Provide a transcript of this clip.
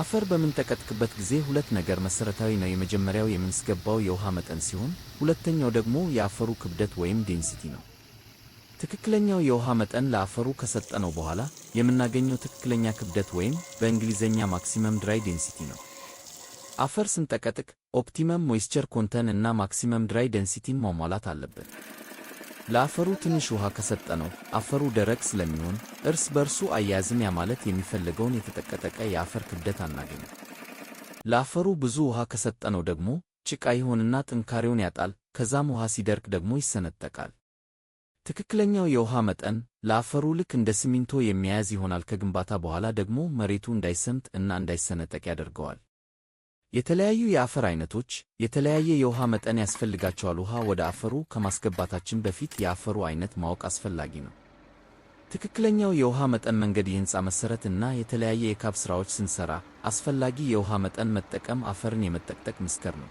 አፈር በምንጠቀጥቅበት ጊዜ ሁለት ነገር መሰረታዊ ነው። የመጀመሪያው የምንስገባው የውሃ መጠን ሲሆን፣ ሁለተኛው ደግሞ የአፈሩ ክብደት ወይም ዴንሲቲ ነው። ትክክለኛው የውሃ መጠን ለአፈሩ ከሰጠነው በኋላ የምናገኘው ትክክለኛ ክብደት ወይም በእንግሊዝኛ ማክሲመም ድራይ ዴንሲቲ ነው። አፈር ስንጠቀጥቅ ኦፕቲመም ሞይስቸር ኮንተን እና ማክሲመም ድራይ ዴንሲቲን ማሟላት አለብን። ለአፈሩ ትንሽ ውሃ ከሰጠነው አፈሩ ደረቅ ስለሚሆን እርስ በርሱ አያያዝም። ያ ማለት የሚፈልገውን የተጠቀጠቀ የአፈር ክብደት አናገኝ። ለአፈሩ ብዙ ውሃ ከሰጠነው ደግሞ ጭቃ ይሆንና ጥንካሬውን ያጣል። ከዛም ውሃ ሲደርቅ ደግሞ ይሰነጠቃል። ትክክለኛው የውሃ መጠን ለአፈሩ ልክ እንደ ሲሚንቶ የሚያያዝ ይሆናል። ከግንባታ በኋላ ደግሞ መሬቱ እንዳይሰምጥ እና እንዳይሰነጠቅ ያደርገዋል። የተለያዩ የአፈር አይነቶች የተለያየ የውሃ መጠን ያስፈልጋቸዋል። ውሃ ወደ አፈሩ ከማስገባታችን በፊት የአፈሩ አይነት ማወቅ አስፈላጊ ነው። ትክክለኛው የውሃ መጠን መንገድ የህንፃ መሰረት እና የተለያየ የካብ ስራዎች ስንሰራ አስፈላጊ የውሃ መጠን መጠቀም አፈርን የመጠቅጠቅ ምስከር ነው።